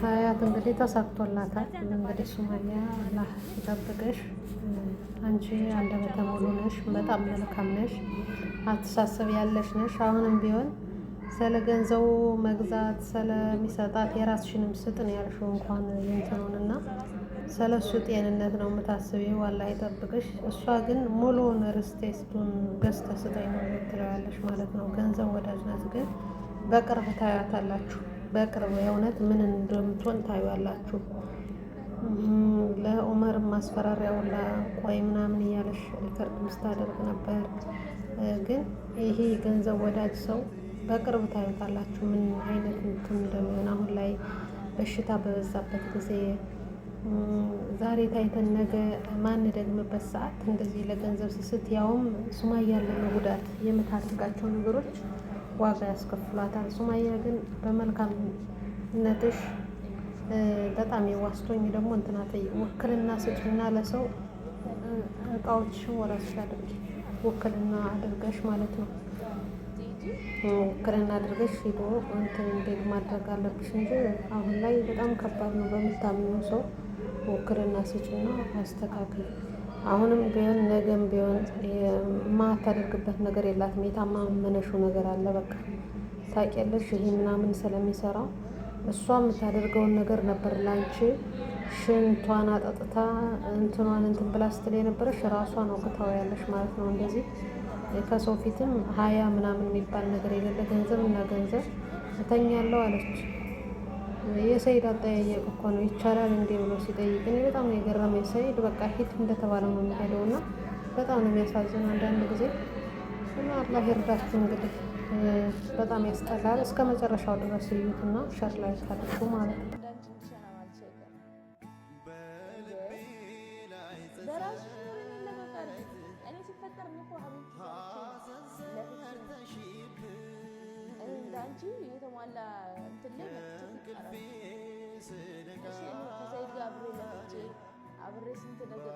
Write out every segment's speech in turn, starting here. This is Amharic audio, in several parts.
ሀያት እንግዲህ ተሳክቶላታል። እንግዲህ ሱማያ አላህ ይጠብቅሽ። አንቺ አንደበተ ሙሉ ነሽ፣ በጣም መልካም ነሽ፣ አስተሳሰብ ያለሽ ነሽ። አሁንም ቢሆን ስለ ገንዘቡ መግዛት ስለሚሰጣት የራስሽንም ስጥን ያልሽው እንኳን እንትኑን ስለ እሱ ጤንነት ነው የምታስቢው። አላህ ይጠብቅሽ። እሷ ግን ሙሉውን ርስቴስቱን ገዝተ ስጠኝ ነው ትለዋለሽ ማለት ነው። ገንዘብ ወዳጅ ናት፣ ግን በቅርብ ታያታላችሁ። በቅርብ የእውነት ምን እንደምትሆን ታዩዋላችሁ። ለኡመር ማስፈራሪያውን ቆይ ምናምን እያለሽ ሪከርድ ስታደርግ ነበር። ግን ይሄ ገንዘብ ወዳጅ ሰው በቅርብ ታዩታላችሁ ምን አይነት እንትን እንደሚሆን አሁን ላይ በሽታ በበዛበት ጊዜ ዛሬ ታይተን ነገ ደግምበት ሰዓት እንደዚህ ለገንዘብ ስስት ያውም ሱማያ ያለ ጉዳት የምታደርጋቸው ነገሮች ዋጋ ያስከፍሏታል። ሱማያ ግን በመልካምነትሽ በጣም የዋስቶኝ ደግሞ እንትናተ ውክልና ስጭና ለሰው እቃዎችሽን ወራስሽ አድርጊ ውክልና አድርገሽ ማለት ነው። ውክልና አድርገሽ ሂዶ እንትን እንዴት ማድረግ አለብሽ እንጂ አሁን ላይ በጣም ከባድ ነው። በምታምኑ ሰው ውክልና ስጭና አስተካክል። አሁንም ቢሆን ነገም ቢሆን የማታደርግበት ነገር የላትም። የታማመነሹ ነገር አለ። በቃ ታውቂያለሽ፣ ይሄ ምናምን ስለሚሰራ እሷ የምታደርገውን ነገር ነበር ላንቺ ሽንቷን አጠጥታ እንትኗን እንትን ብላ ስትል የነበረሽ ራሷን አውቅታው ያለሽ ማለት ነው። እንደዚህ ከሰው ፊትም ሀያ ምናምን የሚባል ነገር የሌለ ገንዘብ እና ገንዘብ እተኛለሁ አለች። የሰይድ አጠያየቅ እኮ ነው ይቻላል እንዴ ብሎ ሲጠይቅ እኔ በጣም ነው የገረመኝ። ሰይድ በቃ ሂድ እንደተባለው ነው የሚሄደው እና በጣም ነው የሚያሳዝን አንዳንድ ጊዜ እና አላህ ይርዳችሁ እንግዲህ በጣም ያስጠላል። እስከ መጨረሻው ድረስ እዩትና ሸር ላይ ታድርጉ ማለት ነው። የተሟላ እንትን አብሬ ስንት ነገር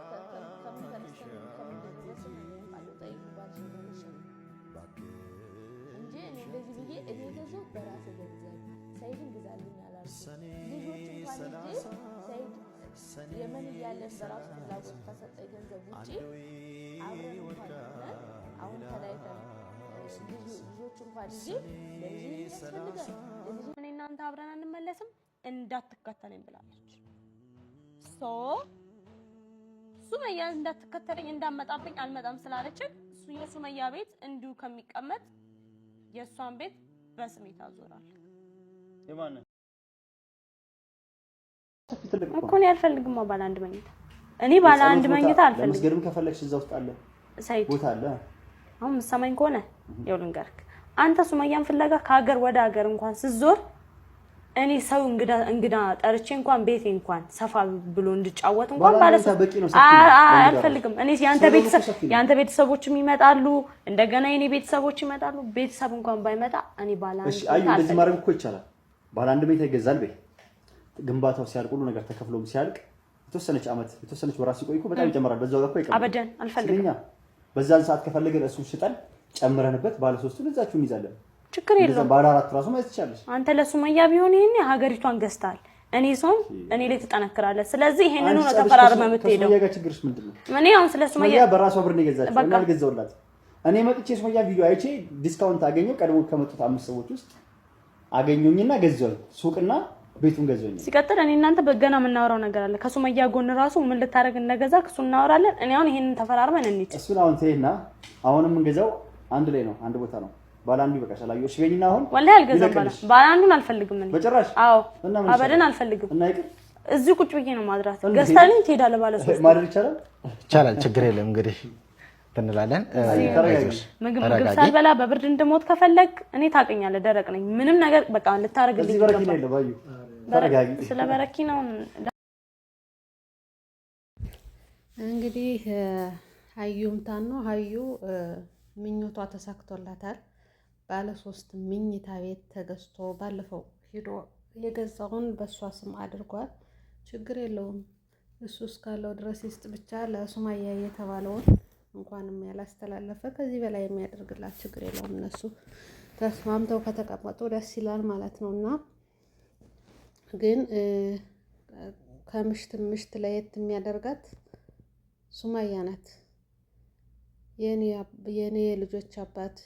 ከምተንስተን ከምንደረስ ጣ ይባል እንጂ እኔ እንደዚህ ብዬ እኔ ገዙ በራሴ ገንዘብ ሰይድን ግዛልኝ አላልኩም። ልጆች እንኳን ልጄ ሰይድ የመን እያለን በራሱ ፍላጎት ከሰጠኝ ገንዘብ ውጭ አብረን አሁን ተለያይተናል ልጆቹ እንኳን ልጄ ያስፈልጋል እኔ እናንተ አብረን አንመለስም እንዳትከተለኝ ብላለች። ሶ ሱመያ እንዳትከተለኝ እንዳመጣብኝ አልመጣም ስላለችን እሱ የሱመያ ቤት እንዲሁ ከሚቀመጥ የእሷን ቤት በስሜት አዞራል። እኮ እኔ አልፈልግም ባለ አንድ መኝታ እኔ ባለ አንድ መኝታ አልፈልግም። ለመስገድም ከፈለግሽ እዛ ውስጥ አለ ቦታ አለ አሁን የምትሰማኝ ከሆነ ይኸው ልንገርክ፣ አንተ ሱመያን ፍለጋ ከሀገር ወደ ሀገር እንኳን ስትዞር እኔ ሰው እንግዳ ጠርቼ እንኳን ቤቴ እንኳን ሰፋ ብሎ እንድጫወት እንኳን ማለት አልፈልግም። እኔ ያንተ ቤተሰቦችም ይመጣሉ፣ እንደገና የኔ ቤተሰቦች ይመጣሉ። ቤተሰብ እንኳን ባይመጣ እኔ ባላ እሺ፣ ማድረግ እኮ ይቻላል። ባላ አንድ ቤት ይገዛል። ቤት ግንባታው ሲያልቅ ሁሉ ነገር ተከፍሎም ሲያልቅ የተወሰነች አመት የተወሰነች ወራት ሲቆይ በጣም ይጨምራል። በዛ ጋር እኮ አበደን አልፈልግም በዛን ሰዓት ከፈለገን እሱን ሽጠን ጨምረንበት ባለ ባለሶስቱን እዛችሁ እንይዛለን። ችግር የለውም። ባለ አራት ራሱ ማለት ትችላለች። አንተ ለሱመያ ቢሆን ይሄን ሀገሪቷን ገዝተሃል። እኔ ሰውም እኔ ላይ ትጠነክራለህ። ስለዚህ ይሄንን ነው ተፈራርመህ የምትሄደው። ከሱመያ ጋር ችግርሽ ምንድን ነው? እኔ አሁን ስለ ሱመያ በራሷ ብር ነው የገዛችው። እኔ አልገዛሁላትም። እኔ መጥቼ ሱመያ ቪዲዮ አይቼ ዲስካውንት አገኘው ቀድሞ ከመጡት አምስት ሰዎች ውስጥ አገኘኝና ገዛሁኝ ሱቅና ቤቱን ገዛኝ። ሲቀጥል እኔ እናንተ በገና የምናወራው ነገር አለ። ከሱመያ ጎን ራሱ ምን ልታደርግ እንደገዛ እሱ እናወራለን። እኔ አሁን ይሄንን ተፈራርመን እንሂድ። እሱን አሁን ትሄድና አሁንም የምንገዛው አንድ ላይ ነው፣ አንድ ቦታ ነው። ባለ አንዱ ይበቃሻል። አዩ እሺ በይኝና አሁን ወላሂ አልገዛም። ባለ ባለ አንዱን አልፈልግም እኔ በጭራሽ። አዎ አበደን አልፈልግም። እና ይቅር እዚህ ቁጭ ብዬ ነው ማድራት። ገዝታልኝ ትሄዳለህ። ባለ ሶስት ማድረግ ይቻላል፣ ይቻላል። ችግር የለም እንግዲህ እንላለን ምግብ ምግብ ሳልበላ በብርድ እንድሞት ከፈለግ እኔ ታውቀኛለህ፣ ደረቅ ነኝ። ምንም ነገር በቃ ልታረግልኝ ስለ በረኪ ነው እንግዲህ ሀዩም ታኖ ሀዩ ምኞቷ ተሳክቶላታል። ባለ ምኝታ ቤት ተገዝቶ ባለፈው ሂዶ የገዛውን በእሷ ስም አድርጓል። ችግር የለውም እሱ እስካለው ድረስ ይስጥ ብቻ ለሱማያ የተባለውን እንኳንም ያላስተላለፈ ከዚህ በላይ የሚያደርግላት ችግር የለውም። እነሱ ተስማምተው ከተቀመጡ ደስ ይላል ማለት ነው እና ግን ከምሽት ምሽት ለየት የሚያደርጋት ሱማያ ናት። የእኔ የልጆች አባት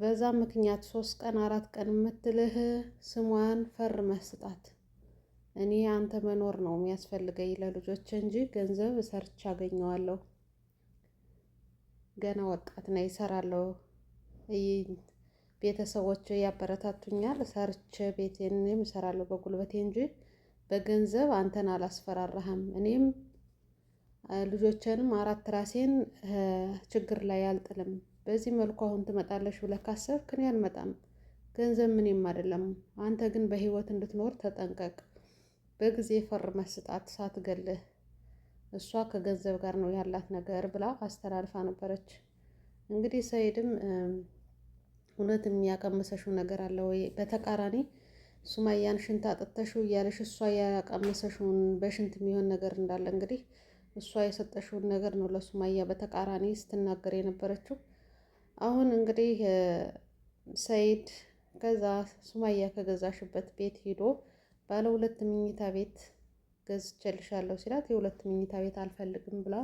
በዛ ምክንያት ሶስት ቀን አራት ቀን የምትልህ ስሟን ፈርመህ ስጣት። እኔ አንተ መኖር ነው የሚያስፈልገኝ ለልጆች እንጂ ገንዘብ ሰርቼ አገኘዋለሁ። ገና ወጣት ነው ይሰራለሁ ቤተሰቦች ያበረታቱኛል። ሰርቼ ቤቴን እሰራለሁ በጉልበቴ እንጂ በገንዘብ አንተን አላስፈራራህም። እኔም ልጆቼንም አራት ራሴን ችግር ላይ አልጥልም። በዚህ መልኩ አሁን ትመጣለሽ ብለህ ካሰብክ እኔ አልመጣም። ገንዘብ ምንም አይደለም። አንተ ግን በህይወት እንድትኖር ተጠንቀቅ። በጊዜ ፈርመህ ስጣት ሳትገልህ። እሷ ከገንዘብ ጋር ነው ያላት ነገር ብላ አስተላልፋ ነበረች። እንግዲህ ሰይድም እውነት ያቀመሰሽው ነገር አለ ወይ? በተቃራኒ ሱማያን ሽንት አጠተሽው እያለሽ እሷ ያቀመሰሽውን በሽንት የሚሆን ነገር እንዳለ እንግዲህ እሷ የሰጠሽውን ነገር ነው ለሱማያ በተቃራኒ ስትናገር የነበረችው። አሁን እንግዲህ ሰይድ ከዛ ሱማያ ከገዛሽበት ቤት ሂዶ ባለ ሁለት ምኝታ ቤት ገዝቼልሻለሁ ሲላት የሁለት ምኝታ ቤት አልፈልግም ብላ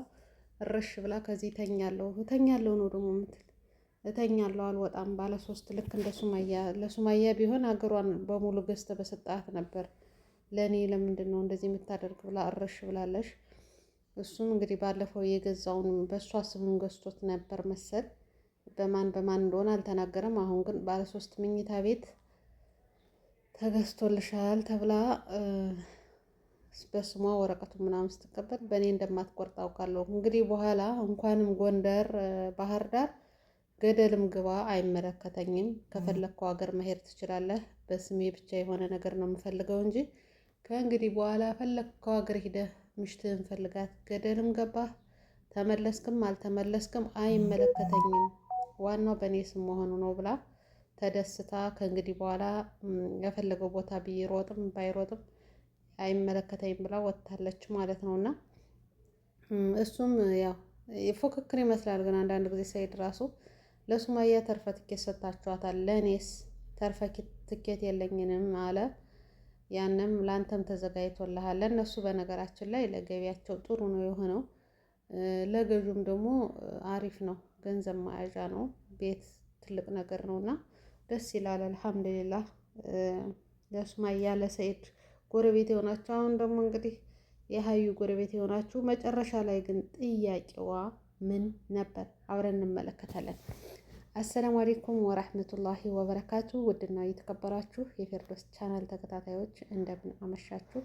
እረሽ ብላ ከዚህ ተኛለሁ ተኛለሁ ነው ደግሞ የምትል እተኛለሁ አልወጣም ባለ ሶስት ልክ እንደ ሱማያ ለሱማያ ቢሆን ሀገሯን በሙሉ ገዝተ በሰጣት ነበር። ለእኔ ለምንድን ነው እንደዚህ የምታደርግ ብላ እረሽ ብላለሽ። እሱም እንግዲህ ባለፈው የገዛውን በእሷ ስሙን ገዝቶት ነበር መሰል በማን በማን እንደሆነ አልተናገረም። አሁን ግን ባለ ሶስት ቤት ተገዝቶልሻል ተብላ በስሟ ወረቀቱ ምናምን ስትቀበል በእኔ እንደማትቆርጥ አውቃለሁ። እንግዲህ በኋላ እንኳንም ጎንደር ባህር ዳር ገደልም ግባ አይመለከተኝም። ከፈለግከው ሀገር መሄድ ትችላለህ። በስሜ ብቻ የሆነ ነገር ነው የምፈልገው እንጂ ከእንግዲህ በኋላ ፈለግከው ሀገር ሂደህ ምሽትህን ፈልጋት። ገደልም ገባ ተመለስክም አልተመለስክም አይመለከተኝም፣ ዋናው በእኔ ስም መሆኑ ነው ብላ ተደስታ ከእንግዲህ በኋላ የፈለገው ቦታ ቢሮጥም ባይሮጥም አይመለከተኝም ብላ ወጥታለች ማለት ነው። እና እሱም ያው ፉክክር ይመስላል ግን አንዳንድ ጊዜ ሳይድ ራሱ ለሱማያ ተርፈ ትኬት ሰጥታችኋታል፣ ለእኔስ ተርፈ ትኬት የለኝንም አለ። ያንም ለአንተም ተዘጋጅቶልሃል። ለእነሱ በነገራችን ላይ ለገቢያቸው ጥሩ ነው የሆነው፣ ለገዥም ደግሞ አሪፍ ነው። ገንዘብ መያዣ ነው። ቤት ትልቅ ነገር ነው እና ደስ ይላል። አልሐምዱሊላህ ለሱማያ ለሰኢድ ጎረቤት የሆናችሁ አሁን ደግሞ እንግዲህ የሀዩ ጎረቤት የሆናችሁ መጨረሻ ላይ ግን ጥያቄዋ ምን ነበር? አብረን እንመለከታለን። አሰላሙ አሌይኩም ወራህመቱላሂ ወበረካቱ። ውድና የተከበራችሁ የፌርዶስ ቻናል ተከታታዮች እንደምን አመሻችሁ፣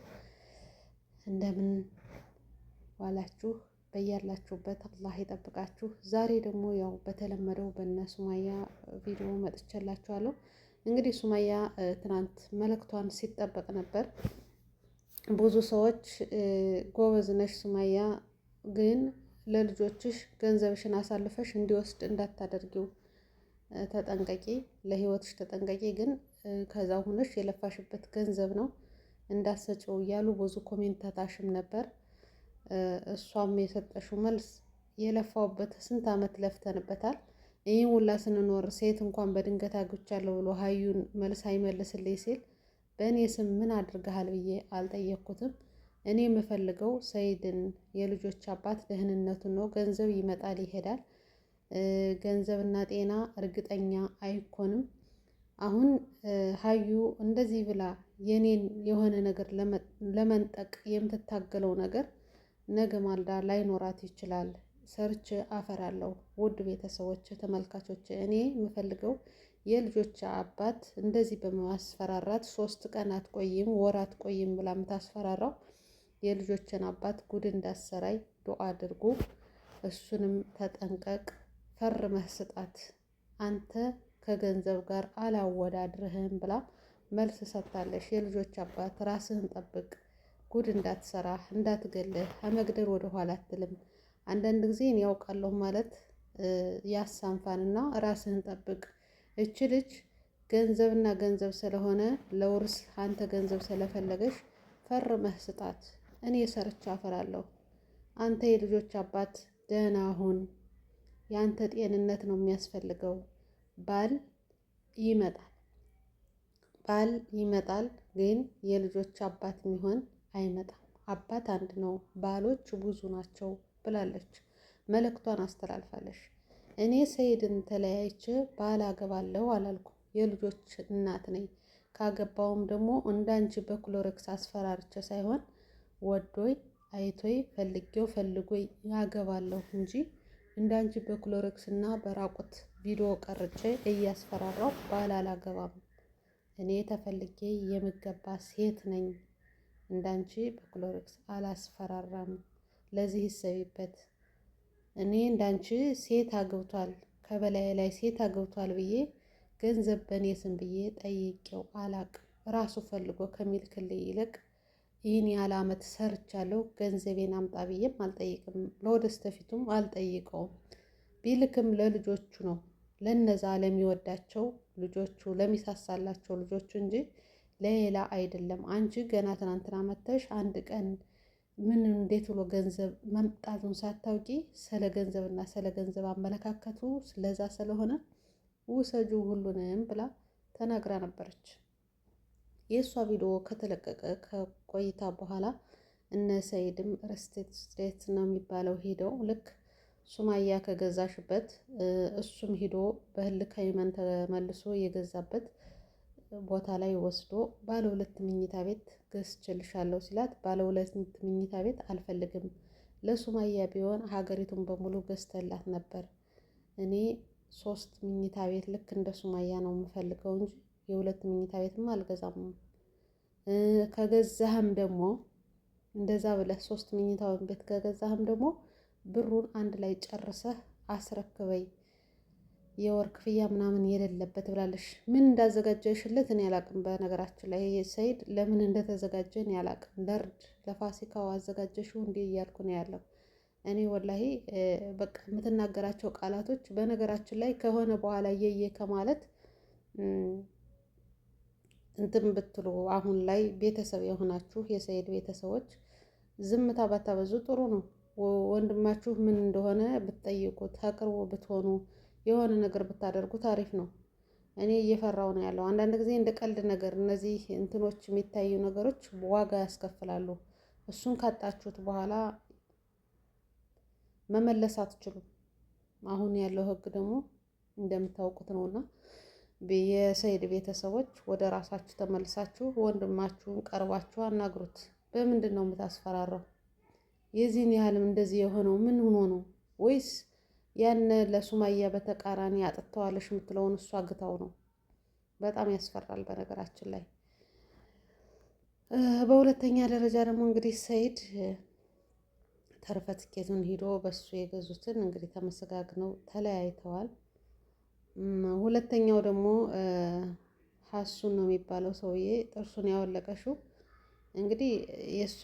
እንደምን ዋላችሁ። በያላችሁበት አላህ ይጠብቃችሁ። ዛሬ ደግሞ ያው በተለመደው በነ ሱማያ ቪዲዮ መጥቼላችኋለሁ። እንግዲህ ሱማያ ትናንት መልእክቷን ሲጠበቅ ነበር። ብዙ ሰዎች ጎበዝ ነሽ ሱማያ፣ ግን ለልጆችሽ ገንዘብሽን አሳልፈሽ እንዲወስድ እንዳታደርጊው ተጠንቀቂ፣ ለህይወትሽ ተጠንቀቂ። ግን ከዛ ሁነሽ የለፋሽበት ገንዘብ ነው እንዳሰጭው እያሉ ብዙ ኮሜንት ነበር። እሷም የሰጠሽው መልስ የለፋውበት ስንት ዓመት ለፍተንበታል ይህ ሁላ ስንኖር ሴት እንኳን በድንገት አግብቻለሁ ብሎ ሀዩን መልስ አይመልስልኝ ሲል በእኔ ስም ምን አድርገሃል ብዬ አልጠየኩትም እኔ የምፈልገው ሰይድን የልጆች አባት ደህንነቱን ነው። ገንዘብ ይመጣል ይሄዳል። ገንዘብና ጤና እርግጠኛ አይኮንም። አሁን ሀዩ እንደዚህ ብላ የኔን የሆነ ነገር ለመንጠቅ የምትታገለው ነገር ነገ ማልዳ ላይኖራት ይችላል። ሰርች አፈራለሁ። ውድ ቤተሰቦች፣ ተመልካቾች እኔ የምፈልገው የልጆች አባት እንደዚህ በማስፈራራት ሶስት ቀን አትቆይም ወር አትቆይም ብላ የምታስፈራራው የልጆችን አባት ጉድ እንዳሰራይ ዱአ አድርጉ። እሱንም ተጠንቀቅ። ፈርመህ ስጣት፣ አንተ ከገንዘብ ጋር አላወዳድርህም ብላ መልስ ሰጥታለች። የልጆች አባት ራስህን ጠብቅ፣ ጉድ እንዳትሰራ እንዳትገልህ፣ ከመግደል ወደኋላ አትልም። አንዳንድ ጊዜ እኔ ያውቃለሁ ማለት ያሳንፋንና ራስህን ጠብቅ። እች ልጅ ገንዘብና ገንዘብ ስለሆነ ለውርስ አንተ ገንዘብ ስለፈለገሽ ፈርመህ ስጣት፣ እኔ ሰርቻ አፈራለሁ። አንተ የልጆች አባት ደህና ሁን የአንተ ጤንነት ነው የሚያስፈልገው። ባል ይመጣል ባል ይመጣል፣ ግን የልጆች አባት የሚሆን አይመጣም። አባት አንድ ነው፣ ባሎች ብዙ ናቸው ብላለች። መልእክቷን አስተላልፋለች። እኔ ሰይድን ተለያይቼ ባል አገባለሁ አላልኩ የልጆች እናት ነኝ። ካገባውም ደግሞ እንዳንቺ በክሎሬክስ አስፈራርቼ ሳይሆን ወዶይ አይቶይ ፈልጌው ፈልጎ ያገባለሁ እንጂ እንዳንቺ በክሎሪክስ እና በራቁት ቪዲዮ ቀርጬ እያስፈራራው ባል አላገባም። እኔ ተፈልጌ የምገባ ሴት ነኝ። እንዳንቺ በክሎሪክስ አላስፈራራም። ለዚህ ይሰቢበት። እኔ እንዳንቺ ሴት አግብቷል ከበላይ ላይ ሴት አግብቷል ብዬ ገንዘብ በእኔ ስም ብዬ ጠይቄው አላቅም። ራሱ ፈልጎ ከሚልክልኝ ይልቅ ይህን ያህል ዓመት ሰርቻለሁ ገንዘቤን አምጣ ብዬም አልጠይቅም። ለወደስተፊቱም አልጠይቀውም። ቢልክም ለልጆቹ ነው ለነዛ ለሚወዳቸው ልጆቹ ለሚሳሳላቸው ልጆቹ እንጂ ለሌላ አይደለም። አንቺ ገና ትናንትና መተሽ አንድ ቀን ምን እንዴት ብሎ ገንዘብ መምጣቱን ሳታውቂ ስለ ገንዘብና ስለ ገንዘብ አመለካከቱ ስለዛ ስለሆነ ውሰጁ ሁሉንም ብላ ተናግራ ነበረች። የእሷ ቪዲዮ ከተለቀቀ ከቆይታ በኋላ እነ ሰይድም ረስቴት ስቴት ነው የሚባለው ሄደው ልክ ሱማያ ከገዛሽበት እሱም ሂዶ በህልክ ተመልሶ የገዛበት ቦታ ላይ ወስዶ ባለ ሁለት ምኝታ ቤት ገዝቼልሻለሁ ሲላት፣ ባለ ሁለት ምኝታ ቤት አልፈልግም፣ ለሱማያ ቢሆን ሀገሪቱን በሙሉ ገዝተላት ነበር። እኔ ሶስት ምኝታ ቤት ልክ እንደ ሱማያ ነው የምፈልገው እንጂ የሁለት መኝታ ቤትማ አልገዛም። ከገዛህም ደግሞ እንደዛ ብለህ ሶስት መኝታውን ቤት ከገዛህም ደግሞ ብሩን አንድ ላይ ጨርሰህ አስረክበኝ የወር ክፍያ ምናምን የሌለበት ብላለሽ። ምን እንዳዘጋጀሽለት እኔ አላቅም። በነገራችን ላይ ሰይድ ለምን እንደተዘጋጀ እኔ አላቅም። ለእርድ ለፋሲካው አዘጋጀሽው እንዲህ እያልኩ ነው ያለው። እኔ ወላሂ በቃ የምትናገራቸው ቃላቶች በነገራችን ላይ ከሆነ በኋላ የየ ከማለት እንትን ብትሉ አሁን ላይ ቤተሰብ የሆናችሁ የሰይድ ቤተሰቦች ዝምታ ባታበዙ ጥሩ ነው። ወንድማችሁ ምን እንደሆነ ብትጠይቁት፣ አቅርቦ ብትሆኑ፣ የሆነ ነገር ብታደርጉት አሪፍ ነው። እኔ እየፈራው ነው ያለው። አንዳንድ ጊዜ እንደ ቀልድ ነገር እነዚህ እንትኖች የሚታዩ ነገሮች ዋጋ ያስከፍላሉ። እሱን ካጣችሁት በኋላ መመለስ አትችሉም። አሁን ያለው ህግ ደግሞ እንደምታውቁት ነውና የሰይድ ቤተሰቦች ወደ ራሳችሁ ተመልሳችሁ ወንድማችሁን ቀርባችሁ አናግሩት። በምንድን ነው የምታስፈራራው? የዚህን ያህልም እንደዚህ የሆነው ምን ሆኖ ነው? ወይስ ያነ ለሱማያ በተቃራኒ አጥተዋለሽ የምትለውን እሱ አግታው ነው? በጣም ያስፈራል። በነገራችን ላይ በሁለተኛ ደረጃ ደግሞ እንግዲህ ሰይድ ተርፈ ትኬቱን ሂዶ በሱ የገዙትን እንግዲህ ተመሰጋግነው ተለያይተዋል። ሁለተኛው ደግሞ ሀሱን ነው የሚባለው ሰውዬ ጥርሱን ያወለቀሽው እንግዲህ የእሷ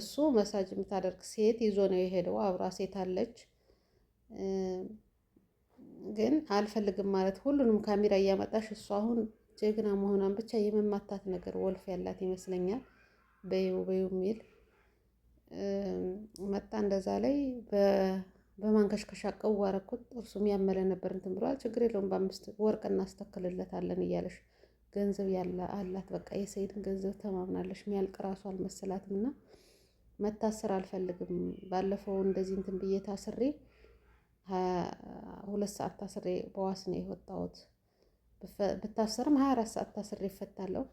እሱ መሳጅ የምታደርግ ሴት ይዞ ነው የሄደው። አብራ ሴት አለች። ግን አልፈልግም ማለት ሁሉንም ካሜራ እያመጣሽ እሷ አሁን ጀግና መሆኗን ብቻ የመማታት ነገር ወልፍ ያላት ይመስለኛል። በዩ በዩ የሚል መጣ እንደዛ ላይ በማንከሽከሻ ቀው አረኩት። ጥርሱም ያመለ ነበር። እንትን ብሏል። ችግር የለውም በአምስት ወርቅ እናስተክልለታለን እያለሽ ገንዘብ ያለ አላት። በቃ የሰይድን ገንዘብ ተማምናለሽ። ሚያልቅ ራሱ አልመሰላትም እና መታሰር አልፈልግም። ባለፈው እንደዚህ እንትን ብዬ ታስሬ ሁለት ሰዓት ታስሬ በዋስ ነው የወጣሁት። ብታሰርም ሀያ አራት ሰዓት ታስሬ ይፈታለሁ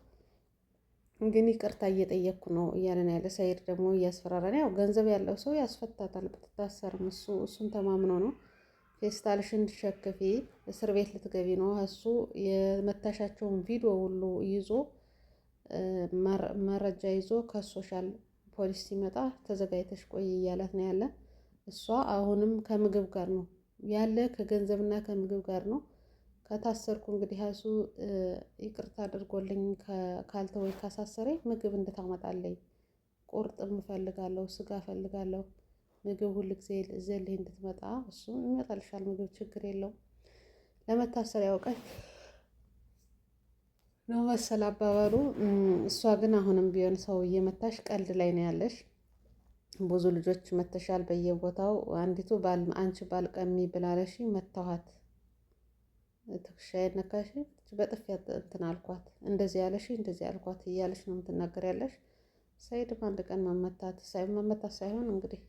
ግን ይቅርታ እየጠየቅኩ ነው እያለ ነው ያለ። ሰኢድ ደግሞ እያስፈራራን፣ ያው ገንዘብ ያለው ሰው ያስፈታታል ብትታሰርም፣ እሱ እሱን ተማምኖ ነው ፌስታልሽ እንድሸክፊ እስር ቤት ልትገቢ ነው። እሱ የመታሻቸውን ቪዲዮ ሁሉ ይዞ መረጃ ይዞ ከሶሻል ፖሊስ ሲመጣ ተዘጋጅተሽ ቆይ እያላት ነው ያለ። እሷ አሁንም ከምግብ ጋር ነው ያለ፣ ከገንዘብና ከምግብ ጋር ነው ከታሰርኩ እንግዲህ ያሱ ይቅርታ አድርጎልኝ ካልተወይ ካሳሰረኝ ምግብ እንድታመጣለኝ ቁርጥ እፈልጋለሁ፣ ስጋ እፈልጋለሁ፣ ምግብ ጊዜ ዘልህ እንድትመጣ እሱ ይመጣልሻል፣ ምግብ ችግር የለው። ለመታሰር ያውቀኝ ነው መሰል አባባሉ። እሷ ግን አሁንም ቢሆን ሰው እየመታሽ ቀልድ ላይ ነው ያለሽ። ብዙ ልጆች መተሻል በየቦታው አንዲቱ አንቺ ባልቀሚ ብላለሽ መታኋት ትክሻዬን ነካሽ፣ በጥፊ እንትን አልኳት፣ እንደዚህ ያለሽ እንደዚህ አልኳት እያለሽ ነው የምትናገር ያለሽ። ሰይድም አንድ ቀን መመታት መመታት ሳይሆን እንግዲህ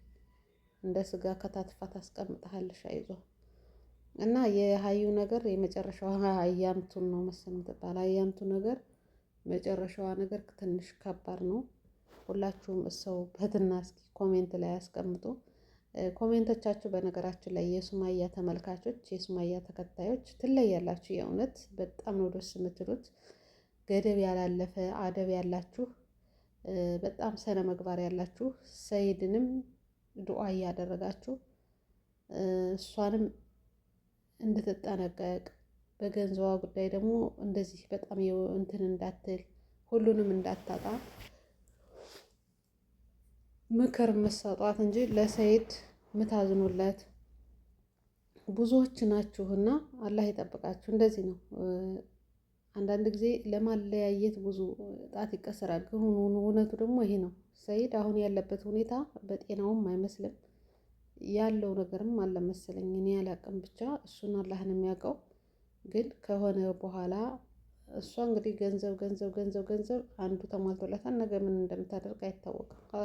እንደ ስጋ ከታትፋት ታስቀምጠሃለሽ፣ አይዞ እና የሀዩ ነገር የመጨረሻዋ አያንቱን ነው መሰል የምትባል አያንቱ ነገር መጨረሻዋ ነገር ትንሽ ከባድ ነው። ሁላችሁም እሰውበትና እስኪ ኮሜንት ላይ ያስቀምጡ። ኮሜንቶቻችሁ በነገራችን ላይ የሱማያ ተመልካቾች የሱማያ ተከታዮች ትለያላችሁ። የእውነት በጣም ነው ደስ የምትሉት። ገደብ ያላለፈ አደብ ያላችሁ በጣም ስነ ምግባር ያላችሁ ሰይድንም ዱዓ እያደረጋችሁ እሷንም እንድትጠነቀቅ በገንዘቧ ጉዳይ ደግሞ እንደዚህ በጣም እንትን እንዳትል ሁሉንም እንዳታጣ ምክር የምትሰጧት እንጂ ለሰይድ የምታዝኑለት ብዙዎች ናችሁና አላህ ይጠብቃችሁ። እንደዚህ ነው። አንዳንድ ጊዜ ለማለያየት ብዙ ጣት ይቀሰራል። ግን እውነቱ ደግሞ ይሄ ነው። ሰይድ አሁን ያለበት ሁኔታ በጤናውም አይመስልም ያለው ነገርም አለመሰለኝ እኔ ያላቅም ብቻ እሱን አላህን የሚያውቀው ግን ከሆነ በኋላ እሷ እንግዲህ ገንዘብ ገንዘብ ገንዘብ ገንዘብ አንዱ ተሟልቶላታል። ነገ ምን እንደምታደርግ አይታወቅም።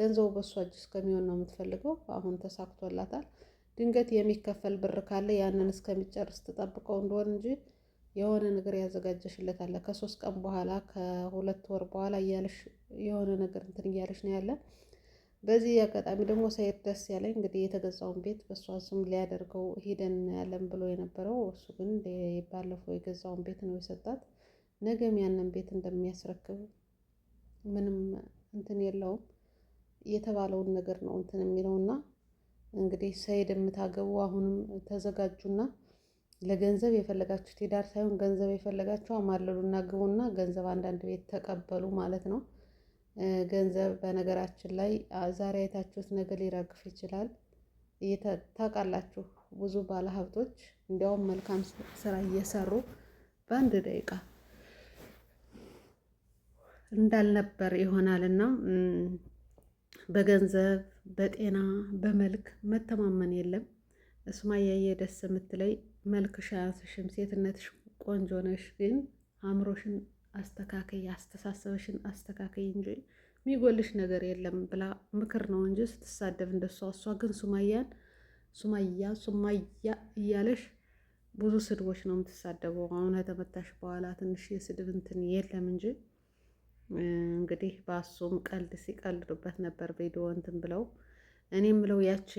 ገንዘቡ በእሷ እጅ እስከሚሆን ነው የምትፈልገው። አሁን ተሳክቶላታል። ድንገት የሚከፈል ብር ካለ ያንን እስከሚጨርስ ትጠብቀው እንደሆን እንጂ የሆነ ነገር ያዘጋጀሽለት አለ። ከሶስት ቀን በኋላ ከሁለት ወር በኋላ እያልሽ የሆነ ነገር እንትን እያልሽ ነው ያለ። በዚህ አጋጣሚ ደግሞ ሰይድ ደስ ያለኝ እንግዲህ የተገዛውን ቤት በእሷ ስም ሊያደርገው ሂደን ያለን ብሎ የነበረው እሱ ግን ባለፈው የገዛውን ቤት ነው የሰጣት። ነገም ያንን ቤት እንደሚያስረክብ ምንም እንትን የለውም። የተባለውን ነገር ነው እንትን የሚለውና እንግዲህ ሰይድ የምታገቡ አሁንም ተዘጋጁና ለገንዘብ የፈለጋችሁ ትዳር ሳይሆን ገንዘብ የፈለጋችሁ አማለሉና ግቡና ገንዘብ አንዳንድ ቤት ተቀበሉ ማለት ነው። ገንዘብ በነገራችን ላይ ዛሬ አይታችሁት ነገር ሊረግፍ ይችላል። ታውቃላችሁ፣ ብዙ ባለሀብቶች እንዲያውም መልካም ስራ እየሰሩ በአንድ ደቂቃ እንዳልነበር ይሆናልና በገንዘብ በጤና በመልክ መተማመን የለም። ሱማያዬ ደስ የምትለይ መልክሽ አያንስሽም፣ ሴትነትሽ ቆንጆ ነሽ። ግን አእምሮሽን አስተካከይ፣ አስተሳሰብሽን አስተካከይ እንጂ የሚጎልሽ ነገር የለም ብላ ምክር ነው እንጂ ስትሳደብ እንደሷ። እሷ ግን ሱማያን ሱማያ ሱማያ እያለሽ ብዙ ስድቦች ነው የምትሳደበው። አሁን ተመታሽ በኋላ ትንሽ የስድብ እንትን የለም እንጂ እንግዲህ በአሱም ቀልድ ሲቀልዱበት ነበር። ቪዲዮ እንትን ብለው እኔ ምለው ያች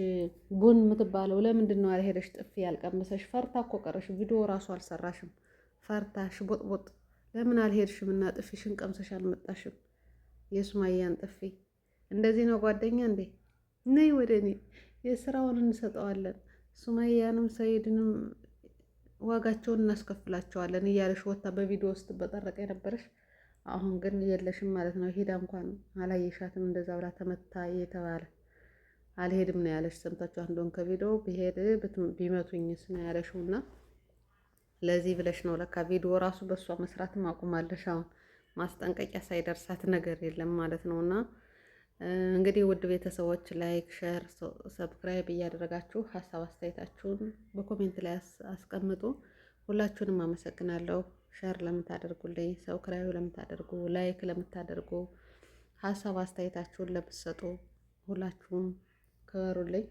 ቡን የምትባለው ለምንድን ነው አልሄደሽ ጥፊ ያልቀመሰሽ? ፈርታ እኮ ቀረሽ። ቪዲዮ ራሱ አልሰራሽም። ፈርታ ሽቦጥቦጥ ለምን አልሄድሽም? እና ጥፊሽን ቀምሰሽ አልመጣሽም? የሱማያን ጥፊ እንደዚህ ነው ጓደኛ እንዴ? ነይ ወደ እኔ፣ የስራውን እንሰጠዋለን። ሱማያንም ሰይድንም ዋጋቸውን እናስከፍላቸዋለን እያለሽ ወታ በቪዲዮ ውስጥ በጠረቀ የነበረሽ አሁን ግን የለሽም ማለት ነው። ሄዳ እንኳን አላየሻትም እንደዛ ብላ ተመታ የተባለ አልሄድም ነው ያለሽ። ሰምታችሁ አንዱን ከቪዲዮ ቢሄድ ቢመቱኝስ ነው ያለሽው። እና ለዚህ ብለሽ ነው ለካ ቪዲዮ ራሱ በእሷ መስራት አቁማለሽ። አሁን ማስጠንቀቂያ ሳይደርሳት ነገር የለም ማለት ነው። እና እንግዲህ ውድ ቤተሰቦች ላይክ፣ ሸር፣ ሰብስክራይብ እያደረጋችሁ ሀሳብ አስተያየታችሁን በኮሜንት ላይ አስቀምጡ። ሁላችሁንም አመሰግናለሁ። ሸር ለምታደርጉልኝ፣ ሰብስክራይብ ለምታደርጉ፣ ላይክ ለምታደርጉ፣ ሀሳብ አስተያየታችሁን ለምትሰጡ ሁላችሁም ክበሩልኝ።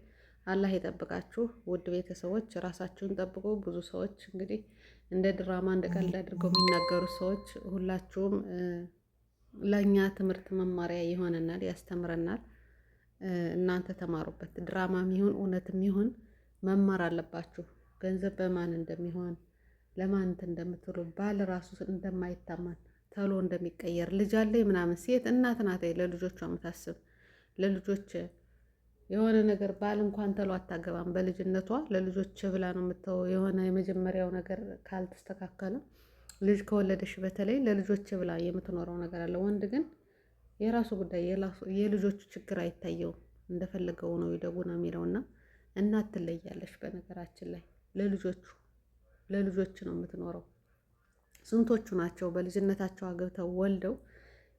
አላህ ይጠብቃችሁ። ውድ ቤተሰቦች ራሳችሁን ጠብቁ። ብዙ ሰዎች እንግዲህ እንደ ድራማ እንደ ቀልድ አድርገው የሚናገሩ ሰዎች ሁላችሁም ለእኛ ትምህርት መማሪያ ይሆነናል፣ ያስተምረናል። እናንተ ተማሩበት። ድራማም ይሁን እውነትም ይሁን መማር አለባችሁ። ገንዘብ በማን እንደሚሆን ለማንት እንደምትሉ ባል ራሱ እንደማይታመን ተሎ እንደሚቀየር ልጅ አለ ምናምን ሴት እናት ናት ለልጆቿ የምታስብ ለልጆች የሆነ ነገር ባል እንኳን ተሎ አታገባም። በልጅነቷ ለልጆች ብላ ነው የምተው። የሆነ የመጀመሪያው ነገር ካልተስተካከለ ልጅ ከወለደሽ በተለይ ለልጆች ብላ የምትኖረው ነገር አለ። ወንድ ግን የራሱ ጉዳይ የልጆቹ ችግር አይታየውም። እንደፈለገው ነው ይደጉ ነው የሚለውና እናት ትለያለሽ። በነገራችን ላይ ለልጆቹ ለልጆች ነው የምትኖረው። ስንቶቹ ናቸው በልጅነታቸው አግብተው ወልደው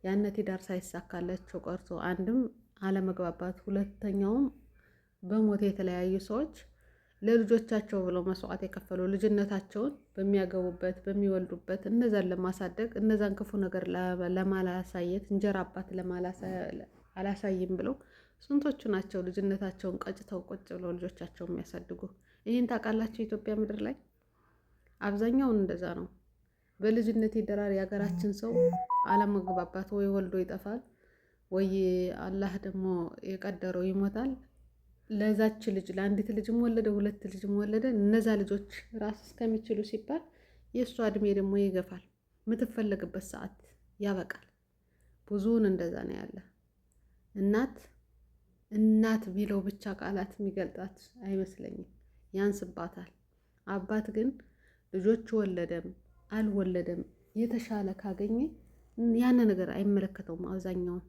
ያነ ትዳር ሳይሳካላቸው ቀርቶ አንድም አለመግባባት፣ ሁለተኛውም በሞት የተለያዩ ሰዎች ለልጆቻቸው ብለው መስዋዕት የከፈሉ ልጅነታቸውን በሚያገቡበት በሚወልዱበት እነዛን ለማሳደግ እነዛን ክፉ ነገር ለማላሳየት እንጀራ አባት አላሳይም ብለው ስንቶቹ ናቸው ልጅነታቸውን ቀጭተው ቁጭ ብለው ልጆቻቸው የሚያሳድጉ? ይህን ታውቃላችሁ ኢትዮጵያ ምድር ላይ አብዛኛውን እንደዛ ነው። በልጅነት ይደራል የሀገራችን ሰው አለመግባባት፣ ወይ ወልዶ ይጠፋል፣ ወይ አላህ ደግሞ የቀደረው ይሞታል። ለዛች ልጅ ለአንዲት ልጅም ወለደ ሁለት ልጅም ወለደ። እነዛ ልጆች ራስ እስከሚችሉ ሲባል የእሷ እድሜ ደግሞ ይገፋል፣ የምትፈለግበት ሰዓት ያበቃል። ብዙውን እንደዛ ነው ያለ እናት እናት ቢለው ብቻ ቃላት የሚገልጣት አይመስለኝም፣ ያንስባታል። አባት ግን ልጆች ወለደም አልወለደም የተሻለ ካገኘ ያን ነገር አይመለከተውም። አብዛኛውን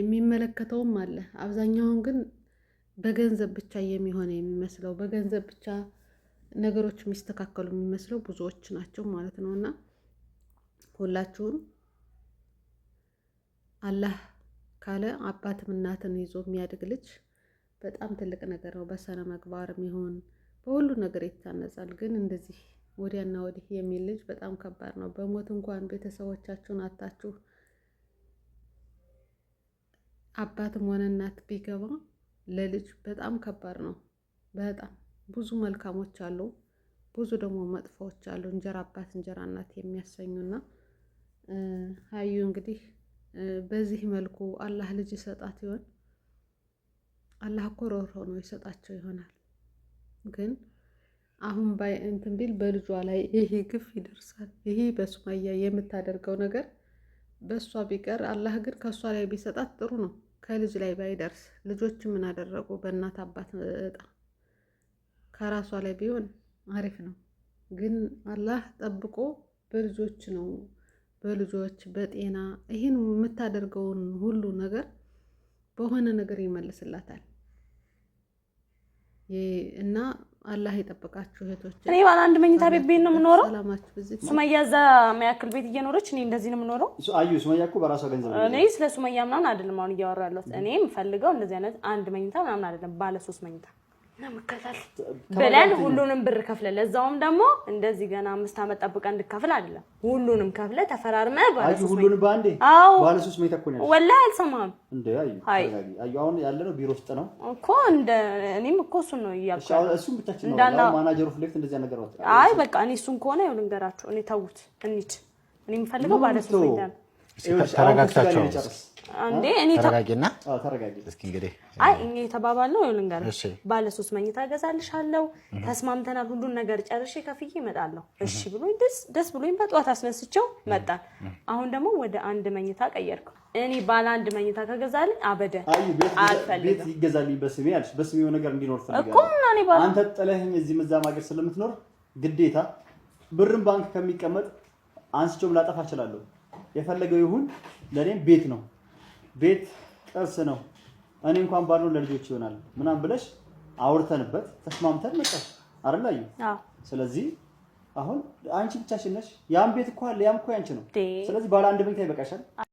የሚመለከተውም አለ። አብዛኛውን ግን በገንዘብ ብቻ የሚሆነ የሚመስለው በገንዘብ ብቻ ነገሮች የሚስተካከሉ የሚመስለው ብዙዎች ናቸው ማለት ነው። እና ሁላችሁም አላህ ካለ አባትም እናትን ይዞ የሚያድግ ልጅ በጣም ትልቅ ነገር ነው። በሰነ መግባር የሚሆን በሁሉ ነገር ይታነጻል። ግን እንደዚህ ወዲያና ወዲህ የሚል ልጅ በጣም ከባድ ነው። በሞት እንኳን ቤተሰቦቻችሁን አታችሁ አባትም ሆነ እናት ቢገባ ለልጅ በጣም ከባድ ነው። በጣም ብዙ መልካሞች አሉ፣ ብዙ ደግሞ መጥፎዎች አሉ። እንጀራ አባት እንጀራ እናት የሚያሰኙና ሀዩ እንግዲህ በዚህ መልኩ አላህ ልጅ ይሰጣት ይሆን? አላህ እኮ ሮሮ ነው ይሰጣቸው ይሆናል። ግን አሁን ባይ እንትን ቢል በልጇ ላይ ይሄ ግፍ ይደርሳል። ይሄ በሱማያ የምታደርገው ነገር በእሷ ቢቀር አላህ ግን ከእሷ ላይ ቢሰጣት ጥሩ ነው። ከልጅ ላይ ባይደርስ ልጆች ምን አደረጉ? በእናት አባት እጣ ከራሷ ላይ ቢሆን አሪፍ ነው። ግን አላህ ጠብቆ በልጆች ነው በልጆች በጤና ይህን የምታደርገውን ሁሉ ነገር በሆነ ነገር ይመልስላታል። እና አላህ የጠበቃችሁ እህቶች፣ እኔ ባለ አንድ መኝታ ቤት ቤት ነው የምኖረው። ሱመያ እዛ መያክል ቤት እየኖረች እኔ እንደዚህ ነው የምኖረው። አዩ ሱመያ እኮ በራሷ ገንዘብ። እኔ ስለ ሱመያ ምናምን አይደለም አሁን እያወራለሁ። እኔ የምፈልገው እንደዚህ አይነት አንድ መኝታ ምናምን አይደለም፣ ባለ ሶስት መኝታ ብለን ሁሉንም ብር ከፍለ ለዛውም ደግሞ እንደዚህ ገና አምስት ዓመት ጠብቀ እንድከፍል አይደለም። ሁሉንም ከፍለ ተፈራርመ ሁሉንም በአንዴ ባለ ሶስት ሜት እኮ ነው። ወላሂ አልሰማህም። አሁን ያለ ነው ቢሮ ውስጥ ነው እኮ እንደ እኔም እኮ እሱን ነው እያልኩ እሱን ብቻችን ነው ማናጀሩ ፍሌክት እንደዚህ እንደዚያ ነገር አይ በቃ እኔ እሱን ከሆነ ይኸው ልንገራችሁ እኔ ተውት እንሂድ። እኔ የምፈልገው ባለ ሶስት ነው ተረጋግታቸው አንዴ እኔ ተረጋጊና ተረጋጊ። እስኪ እንግዲህ አይ እኛ የተባባልነው ይኸውልህ ጋር ባለ ሶስት መኝታ እገዛልሻለሁ፣ ተስማምተናል። ሁሉን ነገር ጨርሼ ከፍዬ እመጣለሁ። እሺ ብሎኝ ደስ ደስ ብሎኝ በጠዋት አስነስቸው መጣን። አሁን ደግሞ ወደ አንድ መኝታ ቀየርከው። እኔ ባለ አንድ መኝታ ከገዛልኝ አበደን ቤት ይገዛልኝ በስሜ አልሽ፣ በስሜው ነገር እንዲኖር ፈልጋለሁ እኮ እና እኔ ባለ አንተ ጥለኸኝ እዚህ መዛም ሀገር ስለምትኖር ግዴታ ብርም ባንክ ከሚቀመጥ አንስቼም ላጠፋ እችላለሁ የፈለገው ይሁን ለእኔም ቤት ነው፣ ቤት ጥርስ ነው፣ እኔ እንኳን ባሉ ለልጆች ይሆናል ምናምን ብለሽ አውርተንበት ተስማምተን መጣሽ አይደል? ስለዚህ አሁን አንቺ ብቻሽን ነሽ። ያም ቤት እኮ አለ፣ ያም እኮ ያንቺ ነው። ስለዚህ ባለ አንድ መኝታ ይበቃሻል።